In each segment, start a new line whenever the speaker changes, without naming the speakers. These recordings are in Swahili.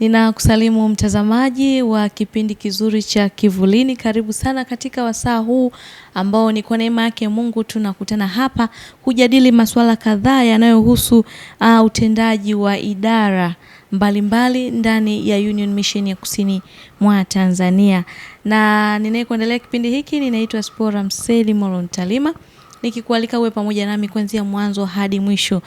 Ninakusalimu mtazamaji wa kipindi kizuri cha Kivulini. Karibu sana katika wasaa huu ambao ni kwa neema yake Mungu tunakutana hapa kujadili masuala kadhaa yanayohusu uh, utendaji wa idara mbalimbali mbali ndani ya Union Mission ya Kusini mwa Tanzania. Na ninayekuendelea kipindi hiki ninaitwa Spora Mseli Molontalima nikikualika uwe pamoja nami kuanzia mwanzo hadi mwisho.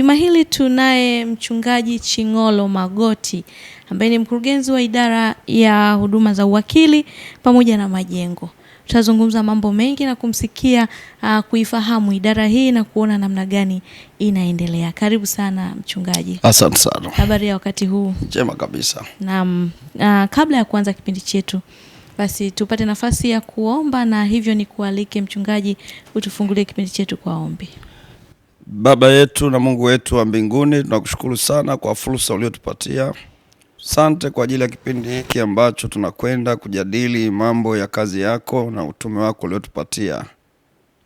Juma hili tunaye Mchungaji Ching'olo Magoti ambaye ni mkurugenzi wa idara ya huduma za uwakili pamoja na majengo. Tutazungumza mambo mengi na kumsikia uh, kuifahamu idara hii na kuona namna gani inaendelea. Karibu sana mchungaji.
Asante sana.
Habari ya wakati huu?
Njema kabisa.
Naam. Uh, kabla ya kuanza kipindi chetu basi tupate nafasi ya kuomba na hivyo ni kualike mchungaji utufungulie kipindi chetu kwa ombi.
Baba yetu na Mungu wetu wa mbinguni, tunakushukuru sana kwa fursa uliotupatia. Sante kwa ajili ya kipindi hiki ambacho tunakwenda kujadili mambo ya kazi yako na utume wako uliotupatia.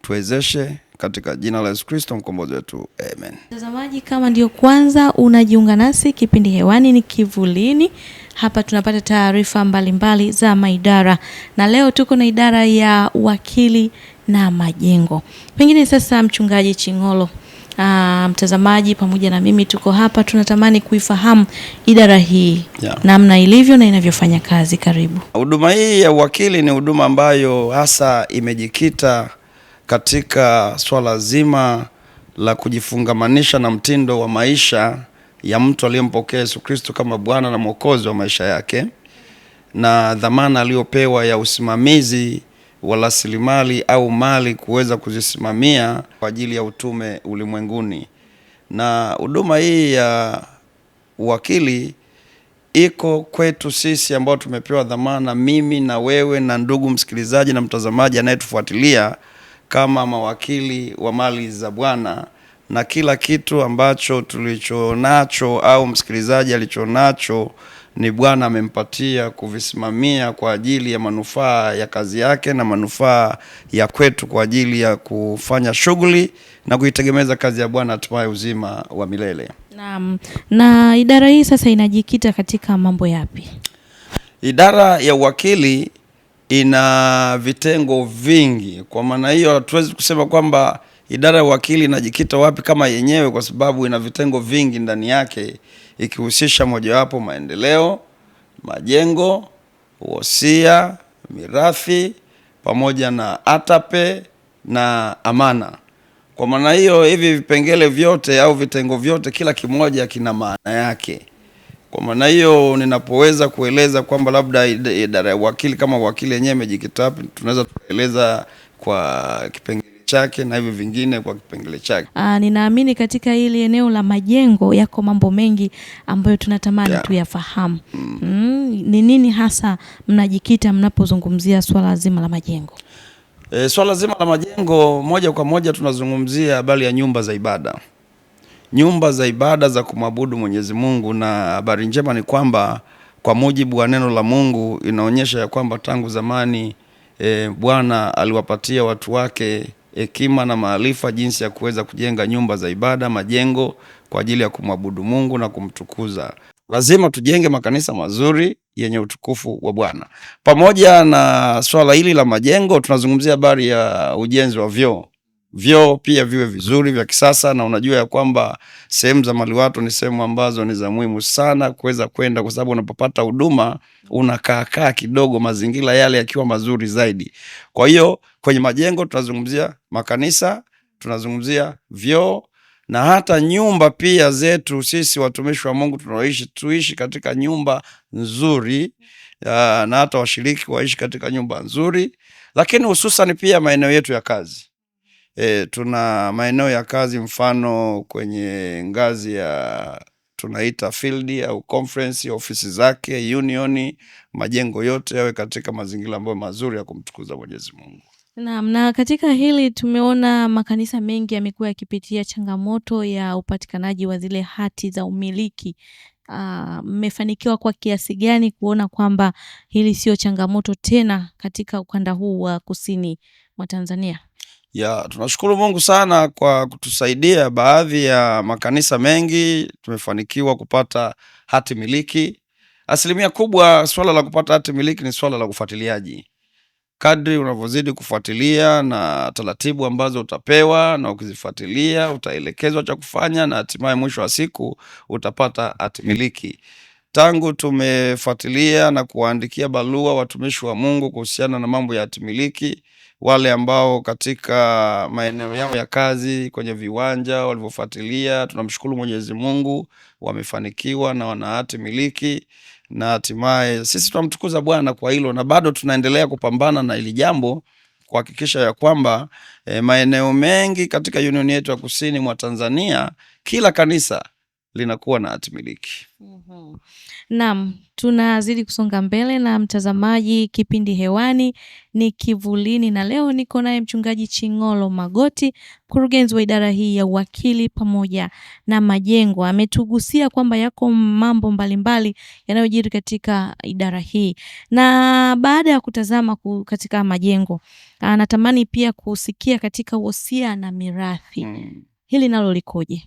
Tuwezeshe katika jina la Yesu Kristo mkombozi wetu, amen.
Mtazamaji, kama ndio kwanza unajiunga nasi, kipindi hewani ni Kivulini. Hapa tunapata taarifa mbalimbali za maidara, na leo tuko na idara ya wakili na majengo. Pengine sasa, Mchungaji Chingolo Ah, mtazamaji pamoja na mimi tuko hapa, tunatamani kuifahamu idara hii yeah, namna ilivyo na inavyofanya kazi. Karibu.
Huduma hii ya uwakili ni huduma ambayo hasa imejikita katika swala zima la kujifungamanisha na mtindo wa maisha ya mtu aliyempokea Yesu Kristo kama Bwana na Mwokozi wa maisha yake na dhamana aliyopewa ya usimamizi wa rasilimali au mali kuweza kuzisimamia kwa ajili ya utume ulimwenguni. Na huduma hii ya uwakili iko kwetu sisi ambao tumepewa dhamana, mimi na wewe na ndugu msikilizaji na mtazamaji anayetufuatilia kama mawakili wa mali za Bwana, na kila kitu ambacho tulichonacho au msikilizaji alichonacho ni Bwana amempatia kuvisimamia kwa ajili ya manufaa ya kazi yake na manufaa ya kwetu kwa ajili ya kufanya shughuli na kuitegemeza kazi ya Bwana hatimaye uzima wa milele.
Naam. Na idara hii sasa inajikita katika mambo yapi?
Idara ya uwakili ina vitengo vingi, kwa maana hiyo hatuwezi kusema kwamba idara ya uwakili inajikita wapi kama yenyewe, kwa sababu ina vitengo vingi ndani yake, ikihusisha mojawapo maendeleo, majengo, wosia, mirathi pamoja na atape na amana. Kwa maana hiyo, hivi vipengele vyote au vitengo vyote, kila kimoja kina maana yake. Kwa maana hiyo, ninapoweza kueleza kwamba labda idara ya uwakili kama uwakili yenyewe imejikita wapi, tunaweza tukaeleza kwa kipengele chake na hivyo vingine kwa kipengele chake.
Ah, ninaamini katika hili eneo la majengo yako mambo mengi ambayo tunatamani yeah, tuyafahamu mm. Mm, ni nini hasa mnajikita mnapozungumzia swala zima la majengo?
E, swala zima la majengo moja kwa moja tunazungumzia habari ya nyumba za ibada, nyumba za ibada za kumwabudu Mwenyezi Mungu, na habari njema ni kwamba kwa mujibu wa neno la Mungu inaonyesha ya kwamba tangu zamani e, Bwana aliwapatia watu wake hekima na maarifa jinsi ya kuweza kujenga nyumba za ibada, majengo kwa ajili ya kumwabudu Mungu na kumtukuza. Lazima tujenge makanisa mazuri yenye utukufu wa Bwana. Pamoja na swala hili la majengo, tunazungumzia habari ya ujenzi wa vyoo vyoo pia viwe vizuri vya kisasa, na unajua ya kwamba sehemu za maliwato ni sehemu ambazo ni za muhimu sana kuweza kwenda, kwa sababu unapopata huduma unakaakaa kidogo, mazingira yale yakiwa mazuri zaidi. Kwa hiyo kwenye majengo tunazungumzia makanisa, tunazungumzia vyoo na hata nyumba pia zetu sisi watumishi wa Mungu tunaoishi tuishi katika nyumba nzuri ya, na hata washiriki waishi katika nyumba nzuri, lakini hususan pia maeneo yetu ya kazi e, tuna maeneo ya kazi, mfano kwenye ngazi ya tunaita field au conference, ofisi zake, unioni, majengo yote yawe katika mazingira ambayo mazuri ya kumtukuza Mwenyezi Mungu.
Naam, na katika hili tumeona makanisa mengi yamekuwa yakipitia changamoto ya upatikanaji wa zile hati za umiliki. Ah, mmefanikiwa kwa kiasi gani kuona kwamba hili sio changamoto tena katika ukanda huu wa kusini mwa Tanzania?
Ya, tunashukuru Mungu sana kwa kutusaidia. Baadhi ya makanisa mengi tumefanikiwa kupata hati miliki. Asilimia kubwa, swala la kupata hati miliki ni swala la ufuatiliaji. Kadri unavyozidi kufuatilia na taratibu ambazo utapewa na ukizifuatilia, utaelekezwa cha kufanya na hatimaye mwisho wa siku utapata hati miliki. Tangu tumefuatilia na kuwaandikia barua watumishi wa Mungu kuhusiana na mambo ya hati miliki wale ambao katika maeneo yao ya kazi kwenye viwanja walivyofuatilia, tunamshukuru Mwenyezi Mungu, wamefanikiwa na wana hati miliki na hatimaye sisi tunamtukuza Bwana kwa hilo, na bado tunaendelea kupambana na hili jambo kuhakikisha ya kwamba e, maeneo mengi katika Union yetu ya kusini mwa Tanzania kila kanisa linakuwa na hatimiliki.
mm Naam, tunazidi kusonga mbele na mtazamaji. Kipindi hewani ni Kivulini na leo niko naye Mchungaji Chingolo Magoti, mkurugenzi wa idara hii ya uwakili pamoja na majengo. Ametugusia kwamba yako mambo mbalimbali yanayojiri katika idara hii, na baada ya kutazama katika majengo, anatamani pia kusikia katika wosia na mirathi. Hmm. Hili nalo likoje?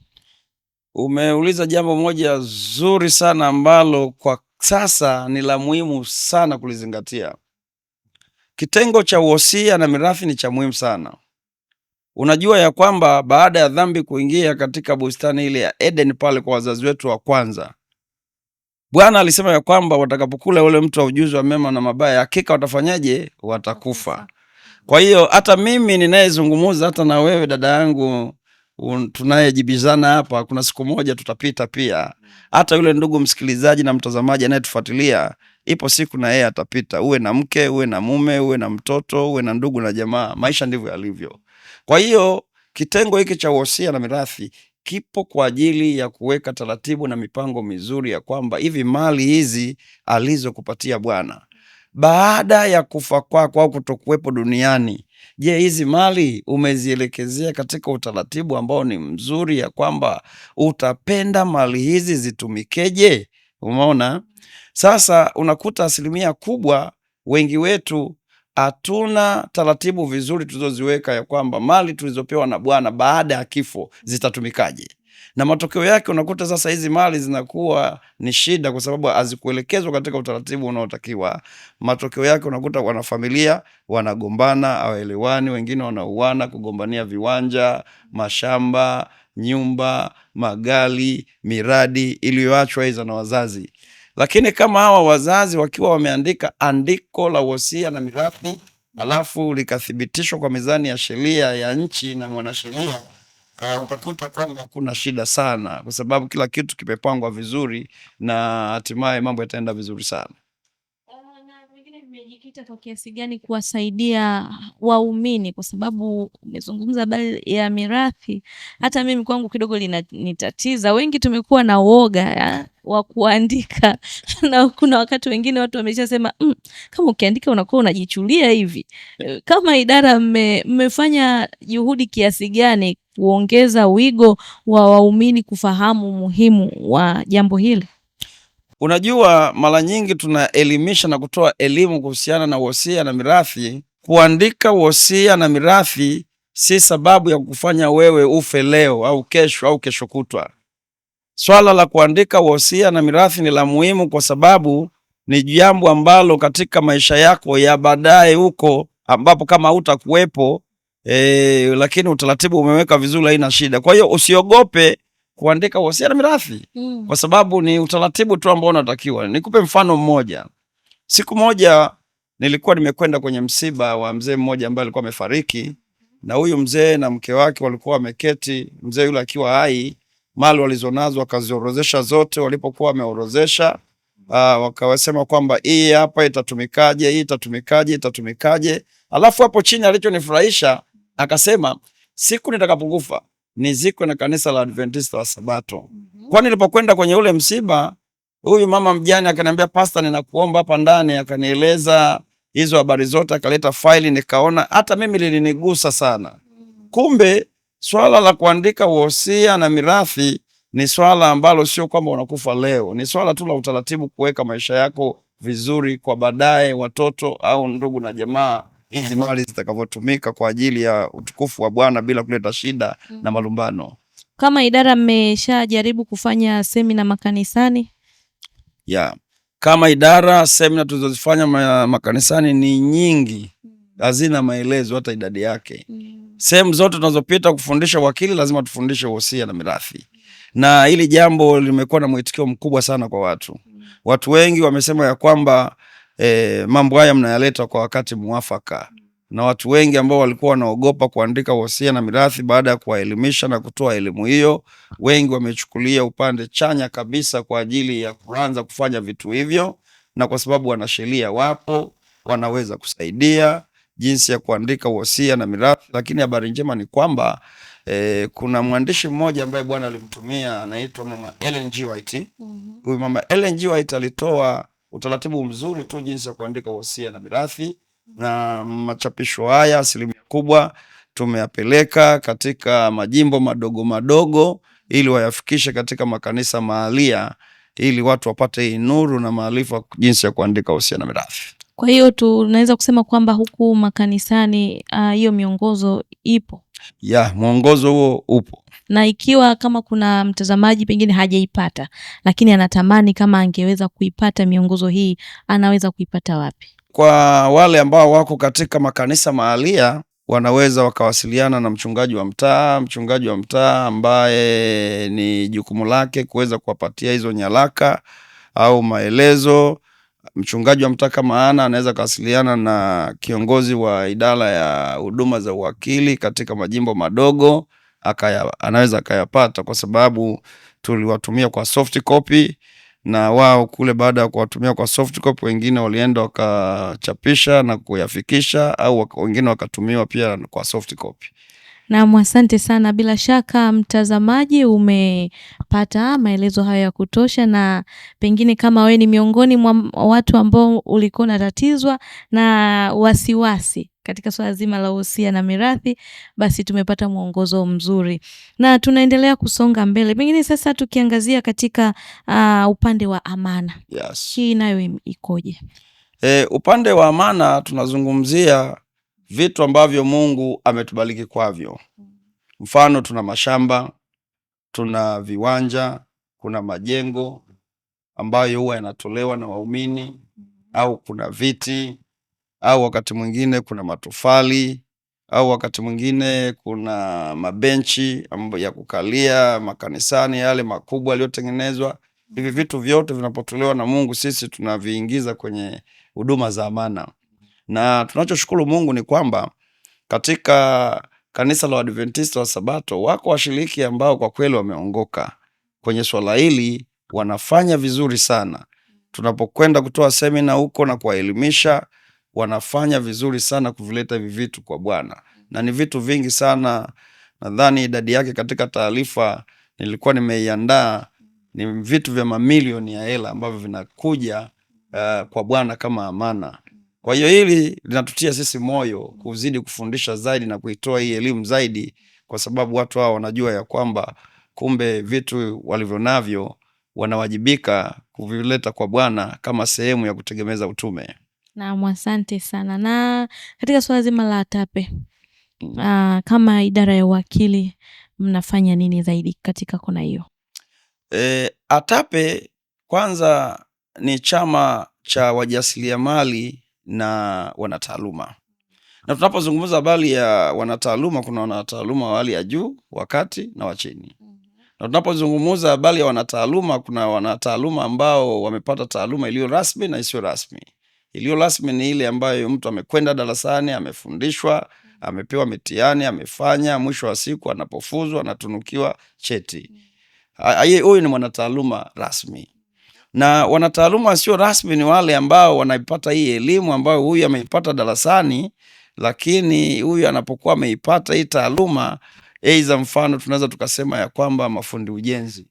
Umeuliza jambo moja zuri sana ambalo kwa sasa ni la muhimu sana kulizingatia. Kitengo cha wosia na mirathi ni cha muhimu sana. Unajua ya kwamba baada ya dhambi kuingia katika bustani ile ya Eden pale kwa wazazi wetu wa kwanza, Bwana alisema ya kwamba watakapokula ule mti wa ujuzi wa mema na mabaya, hakika watafanyaje? Watakufa. Kwa hiyo hata mimi ninayezungumuza, hata na wewe dada yangu tunayejibizana hapa, kuna siku moja tutapita pia. Hata yule ndugu msikilizaji na mtazamaji anayetufuatilia, ipo siku na yeye atapita. Uwe na mke, uwe na mume, uwe na mtoto, uwe na ndugu na jamaa, maisha ndivyo yalivyo. Kwa hiyo kitengo hiki cha wosia na mirathi kipo kwa ajili ya kuweka taratibu na mipango mizuri ya kwamba hivi mali hizi alizokupatia Bwana baada ya kufa kwako au kutokuwepo duniani, je, hizi mali umezielekezea katika utaratibu ambao ni mzuri, ya kwamba utapenda mali hizi zitumikeje? Umeona, sasa unakuta asilimia kubwa, wengi wetu hatuna taratibu vizuri tulizoziweka ya kwamba mali tulizopewa na Bwana baada ya kifo zitatumikaje na matokeo yake unakuta sasa hizi mali zinakuwa ni shida, kwa sababu hazikuelekezwa katika utaratibu unaotakiwa. Matokeo yake unakuta wanafamilia wanagombana, hawaelewani, wengine wanauana kugombania viwanja, mashamba, nyumba, magari, miradi iliyoachwa hizo na wazazi. Lakini kama hawa wazazi wakiwa wameandika andiko la wosia na mirathi, alafu likathibitishwa kwa mizani ya sheria ya nchi na mwanasheria Uh, ah, utakuta kwamba hakuna shida sana kwa sababu kila kitu kimepangwa vizuri na hatimaye mambo yataenda vizuri sana.
Ah, kwa kiasi gani kuwasaidia waumini, kwa sababu umezungumza habari ya mirathi. Hata mimi kwangu kidogo linanitatiza, wengi tumekuwa na woga wa kuandika na kuna wakati wengine watu wameshasema mm, kama ukiandika unakuwa unajichulia hivi. Eh, kama idara mmefanya juhudi kiasi gani kuongeza wigo wa waumini kufahamu umuhimu wa jambo hili?
Unajua, mara nyingi tunaelimisha na kutoa elimu kuhusiana na wosia na mirathi. Kuandika wosia na mirathi si sababu ya kufanya wewe ufe leo au kesho au kesho kutwa. Swala la kuandika wosia na mirathi ni la muhimu, kwa sababu ni jambo ambalo katika maisha yako ya baadaye huko, ambapo kama hutakuwepo e, lakini utaratibu umeweka vizuri, haina shida. Kwa hiyo usiogope kuandika wosia na mirathi mm. kwa sababu ni utaratibu tu ambao unatakiwa. Nikupe mfano mmoja. Siku moja nilikuwa nimekwenda kwenye msiba wa mzee mmoja ambaye alikuwa amefariki, na huyu mzee na mke wake walikuwa wameketi, mzee yule akiwa hai, mali walizonazo wakaziorozesha zote. Walipokuwa wameorozesha uh, ah, wakawasema kwamba hii hapa itatumikaje, hii itatumikaje, itatumikaje. Alafu hapo chini alichonifurahisha Akasema siku nitakapokufa nizikwe na kanisa la Adventista wa Sabato. mm -hmm. Kwani nilipokwenda kwenye ule msiba, huyu mama mjane akaniambia, pasta, ninakuomba hapa ndani. Akanieleza hizo habari zote, akaleta faili, nikaona hata mimi lilinigusa sana. Mhm. Kumbe swala la kuandika wosia na mirathi ni swala ambalo sio kwamba unakufa leo, ni swala tu la utaratibu, kuweka maisha yako vizuri kwa baadaye, watoto au ndugu na jamaa hizi mali zitakavyotumika kwa ajili ya utukufu wa Bwana bila kuleta shida mm. na malumbano.
Kama idara mmeshajaribu kufanya semina makanisani?
Ya. Kama idara semina tulizozifanya makanisani ni nyingi, mm. hazina maelezo hata idadi yake mm. Sehemu zote tunazopita kufundisha wakili lazima tufundishe wosia na mirathi, mm. na hili jambo limekuwa na mwitikio mkubwa sana kwa watu. Mm. Watu wengi wamesema ya kwamba e, mambo haya mnayaleta kwa wakati muafaka, na watu wengi ambao walikuwa wanaogopa kuandika wasia na mirathi, baada ya kuwaelimisha na kutoa elimu hiyo, wengi wamechukulia upande chanya kabisa kwa ajili ya kuanza kufanya vitu hivyo, na kwa sababu wanasheria wapo, wanaweza kusaidia jinsi ya kuandika wasia na mirathi. Lakini habari njema ni kwamba e, kuna mwandishi mmoja ambaye Bwana alimtumia anaitwa Mama Ellen G White. Mm-hmm. Huyu Mama Ellen G White alitoa utaratibu mzuri tu jinsi ya kuandika wosia na mirathi, na machapisho haya asilimia kubwa tumeyapeleka katika majimbo madogo madogo ili wayafikishe katika makanisa mahalia ili watu wapate hii nuru na maarifa jinsi ya kuandika wosia na mirathi.
Kwa hiyo tunaweza kusema kwamba huku makanisani ah, hiyo uh, miongozo ipo
ya yeah, mwongozo huo upo,
na ikiwa kama kuna mtazamaji pengine hajaipata, lakini anatamani kama angeweza kuipata miongozo hii, anaweza kuipata wapi?
Kwa wale ambao wako katika makanisa mahalia wanaweza wakawasiliana na mchungaji wa mtaa, mchungaji wa mtaa ambaye ni jukumu lake kuweza kuwapatia hizo nyaraka au maelezo mchungaji wa mtaka maana anaweza kawasiliana na kiongozi wa idara ya huduma za uwakili katika majimbo madogo akaya, anaweza akayapata kwa sababu tuliwatumia kwa soft copy na wao kule, baada ya kuwatumia kwa soft copy, wengine walienda wakachapisha na kuyafikisha, au wengine wakatumiwa pia kwa soft copy.
Naam, asante sana. Bila shaka mtazamaji, umepata maelezo hayo ya kutosha, na pengine kama we ni miongoni mwa watu ambao ulikuwa unatatizwa na wasiwasi katika swala zima la uhusia na mirathi, basi tumepata mwongozo mzuri na tunaendelea kusonga mbele, pengine sasa tukiangazia katika uh, upande wa amana. Yes. Hii nayo ikoje?
E, upande wa amana tunazungumzia vitu ambavyo Mungu ametubariki kwavyo. Mfano, tuna mashamba, tuna viwanja, kuna majengo ambayo huwa yanatolewa na waumini, au kuna viti, au wakati mwingine kuna matofali, au wakati mwingine kuna mabenchi ya kukalia makanisani yale makubwa yaliyotengenezwa. Hivi vitu vyote vinapotolewa na Mungu, sisi tunaviingiza kwenye huduma za amana na tunachoshukuru Mungu ni kwamba katika kanisa la Waadventista wa Sabato wako washiriki ambao kwa kweli wameongoka kwenye swala hili, wanafanya vizuri sana. Tunapokwenda kutoa semina huko na kuwaelimisha, wanafanya vizuri sana kuvileta hivi vitu kwa Bwana, na ni vitu vingi sana. Nadhani idadi yake katika taarifa nilikuwa nimeiandaa ni vitu vya mamilioni ya hela ambavyo vinakuja uh, kwa Bwana kama amana. Kwa hiyo hili linatutia sisi moyo kuzidi kufundisha zaidi na kuitoa hii elimu zaidi, kwa sababu watu hao wanajua ya kwamba kumbe vitu walivyo navyo wanawajibika kuvileta kwa Bwana kama sehemu ya kutegemeza utume.
Naam, asante sana. Na katika suala zima la TAPE, Uh, kama idara ya uwakili mnafanya nini zaidi katika kona hiyo?
E, ATAPE kwanza ni chama cha wajasiriamali na wanataaluma. Na tunapozungumza bali ya wanataaluma, kuna wanataaluma wa hali ya juu, wa kati na wa chini. Na tunapozungumza bali ya wanataaluma, kuna wanataaluma ambao wamepata taaluma iliyo rasmi na isiyo rasmi. Iliyo rasmi ni ile ambayo mtu amekwenda darasani, amefundishwa, amepewa mitihani, amefanya, mwisho wa siku anapofuzwa, anatunukiwa cheti. Huyu ni mwanataaluma rasmi na wanataaluma sio rasmi ni wale ambao wanaipata hii elimu ambayo huyu ameipata darasani, lakini huyu anapokuwa ameipata hii taaluma, aidha mfano tunaweza tukasema ya kwamba mafundi ujenzi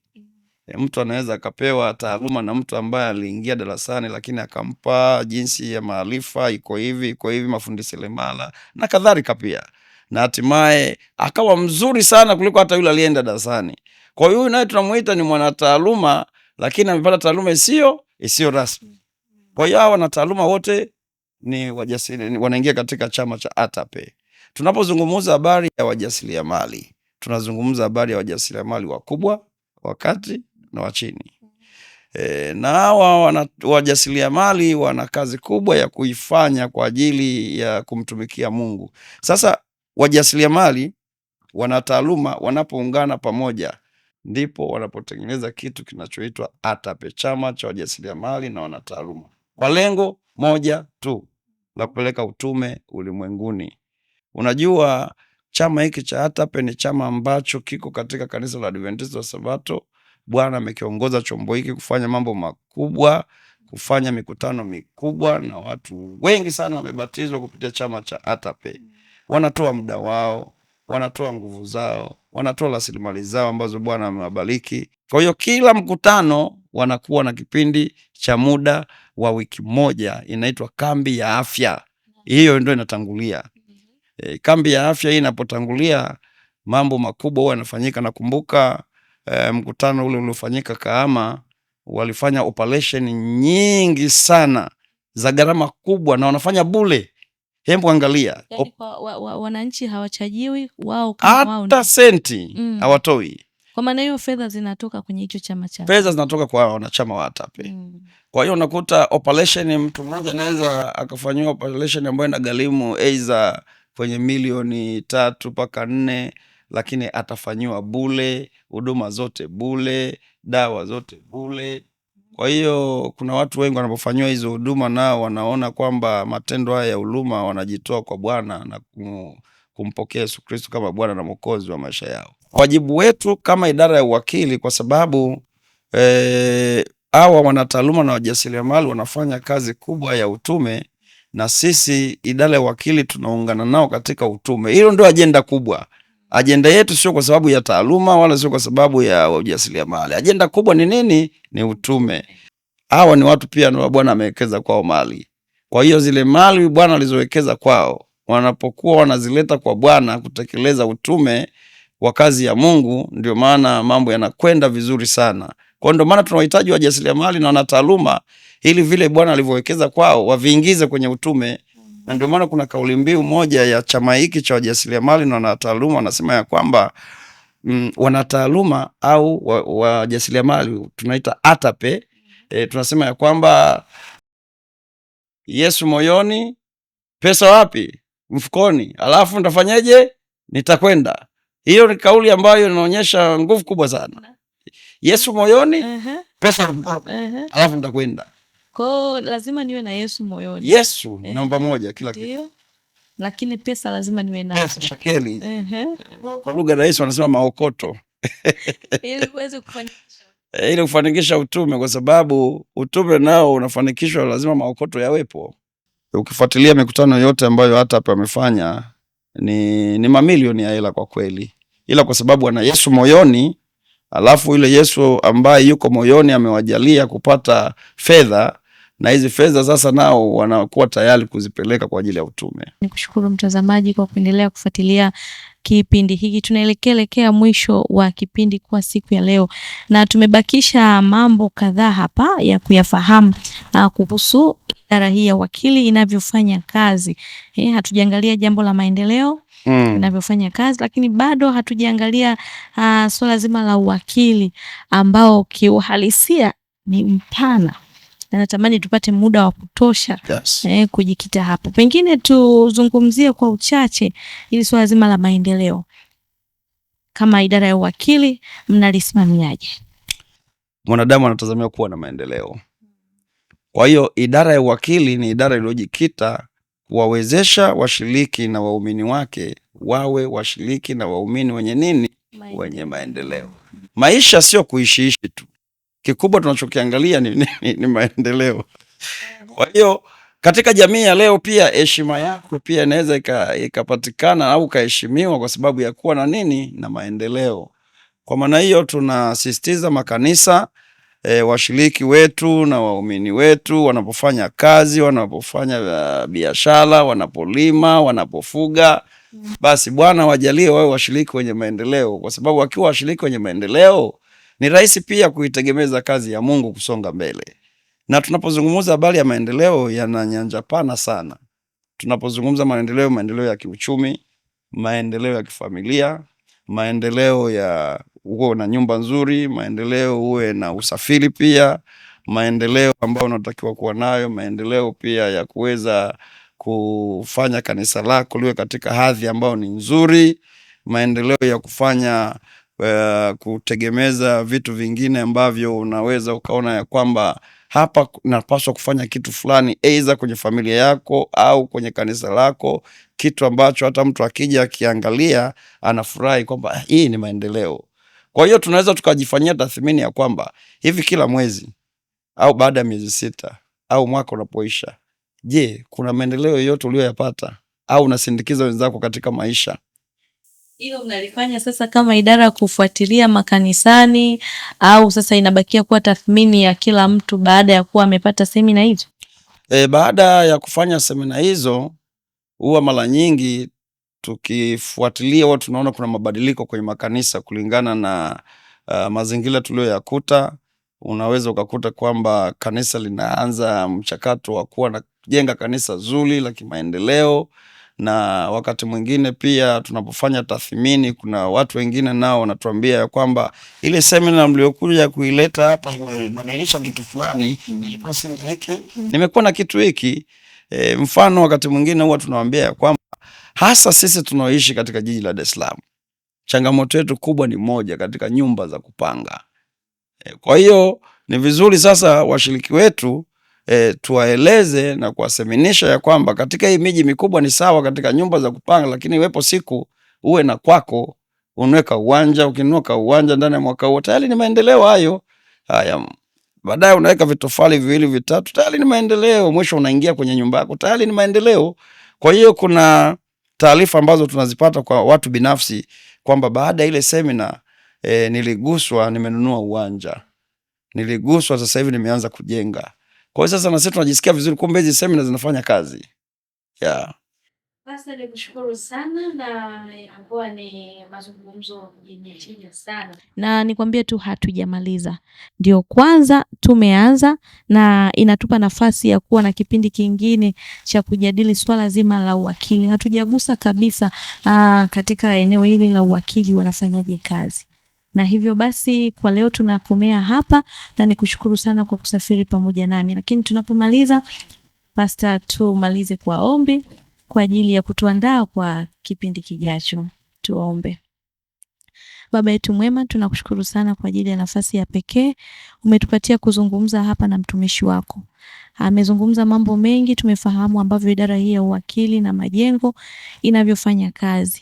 E, mtu anaweza akapewa taaluma na mtu ambaye aliingia darasani, lakini akampa jinsi ya maarifa, iko hivi iko hivi, mafundi seremala na kadhalika pia, na hatimaye akawa mzuri sana kuliko hata yule alienda darasani. Kwa hiyo huyu naye tunamuita ni mwanataaluma lakini amepata taaluma isiyo isiyo rasmi. Kwa hiyo hawa wanataaluma wote ni wajasiri, wanaingia katika chama cha ATAPE. Tunapozungumza habari ya wajasiriamali, tunazungumza habari ya wajasiriamali wakubwa, wakati na wa chini. E, na hawa wajasiriamali wana kazi kubwa ya kuifanya kwa ajili ya kumtumikia Mungu. Sasa wajasiriamali wanataaluma wanapoungana pamoja ndipo wanapotengeneza kitu kinachoitwa ATAPE, chama cha wajasiriamali na wanataaluma, kwa lengo moja tu la kupeleka utume ulimwenguni. Unajua, chama hiki cha ATAPE ni chama ambacho kiko katika kanisa la Adventista wa Sabato. Bwana amekiongoza chombo hiki kufanya mambo makubwa, kufanya mikutano mikubwa, na watu wengi sana wamebatizwa kupitia chama cha ATAPE. Wanatoa muda wao, wanatoa nguvu zao wanatoa rasilimali zao ambazo Bwana amewabariki. Kwa hiyo kila mkutano wanakuwa na kipindi cha muda wa wiki moja, inaitwa kambi ya afya. Hiyo ndio inatangulia e, kambi ya afya hii inapotangulia mambo makubwa huwa yanafanyika. Nakumbuka e, mkutano ule uliofanyika Kahama, walifanya operation nyingi sana za gharama kubwa, na wanafanya bule Hebu angalia,
yani wananchi wa, wa, hawachajiwi wao hata
senti mm. hawatoi.
Kwa maana hiyo fedha zinatoka kwenye hicho chama cha
fedha zinatoka kwa wanachama wa ATAPE mm. Kwa hiyo unakuta operation, mtu mmoja anaweza akafanyiwa operation ambayo inagharimu aidha kwenye milioni tatu mpaka nne, lakini atafanyiwa bule, huduma zote bule, dawa zote bule. Kwa hiyo kuna watu wengi wanapofanyiwa hizo huduma, nao wanaona kwamba matendo haya ya huruma, wanajitoa kwa Bwana na kumpokea Yesu Kristo kama Bwana na Mwokozi wa maisha yao. Wajibu wetu kama idara ya uwakili, kwa sababu eh, hawa e, wanataaluma na wajasiriamali wanafanya kazi kubwa ya utume, na sisi idara ya uwakili tunaungana nao katika utume. Hilo ndio ajenda kubwa. Ajenda yetu sio kwa sababu ya taaluma wala sio kwa sababu ya ujasiriamali. Ajenda kubwa ni nini? Ni utume. Hawa ni watu pia na Bwana amewekeza kwao mali. Kwa hiyo zile mali Bwana alizowekeza kwao, wanapokuwa wanazileta kwa Bwana kutekeleza utume wa kazi ya Mungu, ndio maana mambo yanakwenda vizuri sana. Kwa ndio maana tunawahitaji wajasiriamali na wanataaluma, ili vile Bwana alivyowekeza kwao waviingize kwenye utume na ndio maana kuna kauli mbiu moja ya chama hiki cha wajasiriamali na wanataaluma wanasema ya kwamba mm, wanataaluma au wajasiriamali wa tunaita ATAPE e, tunasema ya kwamba Yesu moyoni, pesa wapi? Mfukoni. Alafu nitafanyaje? Nitakwenda. Hiyo ni kauli ambayo inaonyesha nguvu kubwa sana. Yesu moyoni, pesa mfukoni, alafu nitakwenda
kwa lazima niwe na Yesu moyoni.
Yesu eh, namba moja kila kitu. ndio,
Lakini pesa lazima niwe nayo.
Pesa shekeli. Kwa lugha rahisi wanasema maokoto.
Ili uweze kufanikisha.
Eh, ili kufanikisha utume kwa sababu utume nao unafanikishwa lazima maokoto yawepo. Ukifuatilia mikutano yote ambayo hata hapa amefanya ni, ni mamilioni ya hela kwa kweli, ila kwa sababu ana Yesu moyoni, alafu yule Yesu ambaye yuko moyoni amewajalia kupata fedha na hizi fedha sasa nao wanakuwa tayari kuzipeleka kwa ajili ya utume.
Ni kushukuru mtazamaji kwa kuendelea kufuatilia kipindi hiki. Tunaelekea mwisho wa kipindi kwa siku ya leo, na tumebakisha mambo kadhaa hapa ya kuyafahamu na ah, kuhusu idara hii ya wakili inavyofanya kazi. He, eh, hatujaangalia jambo la maendeleo mm, inavyofanya kazi, lakini bado hatujaangalia uh, swala zima la uwakili ambao kiuhalisia ni mpana na natamani tupate muda wa kutosha yes. eh, kujikita hapo. Pengine tuzungumzie kwa uchache ili swala zima la maendeleo, kama idara ya uwakili mnalisimamiaje?
Mwanadamu anatazamiwa kuwa na maendeleo, kwa hiyo idara ya uwakili ni idara iliyojikita kuwawezesha washiriki na waumini wake wawe washiriki na waumini wenye nini? Maendeleo. Wenye maendeleo. Maisha sio kuishiishi tu Kikubwa tunachokiangalia ni, ni, ni, ni maendeleo. Kwa hiyo katika jamii ya leo pia heshima yako pia inaweza ikapatikana au ukaheshimiwa kwa sababu ya kuwa na nini na maendeleo. Kwa maana hiyo tunasisitiza makanisa E, washiriki wetu na waumini wetu wanapofanya kazi, wanapofanya ah, biashara, wanapolima, wanapofuga, basi Bwana wajalie wawe washiriki wenye maendeleo, kwa sababu wakiwa washiriki wenye maendeleo ni rahisi pia kuitegemeza kazi ya Mungu kusonga mbele, na tunapozungumza habari ya maendeleo, yana nyanja pana sana. Tunapozungumza maendeleo, maendeleo ya kiuchumi, maendeleo ya kifamilia, maendeleo ya uwe na nyumba nzuri, maendeleo uwe na usafiri pia, maendeleo ambayo unatakiwa kuwa nayo, maendeleo pia ya kuweza kufanya kanisa lako liwe katika hadhi ambayo ni nzuri, maendeleo ya kufanya uh, kutegemeza vitu vingine ambavyo unaweza ukaona ya kwamba hapa napaswa kufanya kitu fulani, aidha kwenye familia yako au kwenye kanisa lako, kitu ambacho hata mtu akija akiangalia anafurahi kwamba ah, hii ni maendeleo. Kwa hiyo tunaweza tukajifanyia tathmini ya kwamba hivi kila mwezi au baada ya miezi sita au mwaka unapoisha, je, kuna maendeleo yoyote uliyoyapata au unasindikiza wenzako katika maisha?
hilo mnalifanya sasa kama idara ya kufuatilia makanisani au sasa inabakia kuwa tathmini ya kila mtu baada ya kuwa amepata semina hizo?
E, baada ya kufanya semina hizo huwa mara nyingi tukifuatilia huwa tunaona kuna mabadiliko kwenye makanisa kulingana na uh, mazingira tuliyoyakuta. Unaweza ukakuta kwamba kanisa linaanza mchakato wa kuwa na jenga kanisa zuri la kimaendeleo na wakati mwingine pia tunapofanya tathmini, kuna watu wengine nao wanatuambia ya kwamba ile semina mliokuja kuileta hapa imebadilisha kitu fulani, nimekuwa na kitu hiki e, mfano wakati mwingine huwa tunawaambia ya kwamba hasa sisi tunaoishi katika jiji la Dar es Salaam changamoto yetu kubwa ni moja katika nyumba za kupanga. E, kwa hiyo ni vizuri sasa washiriki wetu e, tuwaeleze na kuwaseminisha ya kwamba katika hii miji mikubwa ni sawa katika nyumba za kupanga, lakini iwepo siku uwe na kwako, unweka uwanja. Ukinuka uwanja ndani ya mwaka huo tayari ni maendeleo hayo. Haya, baadaye unaweka vitofali viwili vitatu, tayari ni maendeleo. Mwisho unaingia kwenye nyumba yako, tayari ni maendeleo. Kwa hiyo kuna taarifa ambazo tunazipata kwa watu binafsi kwamba baada ya ile semina e, niliguswa, nimenunua uwanja, niliguswa, sasa hivi nimeanza kujenga. Kwa hiyo sasa na sisi tunajisikia vizuri, kumbe hizi semina zinafanya kazi yeah.
Basi nikushukuru sana na ambao ni mazungumzo yenye tija sana, na nikwambie tu hatujamaliza, ndio kwanza tumeanza, na inatupa nafasi ya kuwa na kipindi kingine cha kujadili swala zima la uwakili. Hatujagusa kabisa aa, katika eneo hili la uwakili wanafanyaje kazi. Na hivyo basi kwa leo tunakomea hapa, na nikushukuru sana kwa kusafiri pamoja nami, lakini tunapomaliza, Pasta, tumalize kwa ombi kwa ajili ya kutuandaa kwa kipindi kijacho. Tuombe. Baba yetu mwema, tunakushukuru sana kwa ajili ya nafasi ya pekee umetupatia kuzungumza hapa na mtumishi wako. Amezungumza mambo mengi, tumefahamu ambavyo idara hii ya uwakili na majengo inavyofanya kazi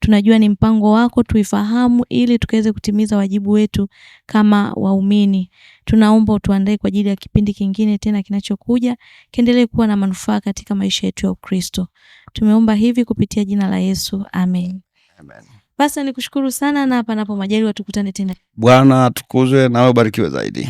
tunajua ni mpango wako, tuifahamu ili tukaweze kutimiza wajibu wetu kama waumini. Tunaomba utuandae kwa ajili ya kipindi kingine tena kinachokuja, kiendelee kuwa na manufaa katika maisha yetu ya Ukristo. Tumeomba hivi kupitia jina la Yesu, amen, amen. Basi nikushukuru sana, na panapo majaliwa tukutane tena.
Bwana tukuzwe nawe ubarikiwe zaidi.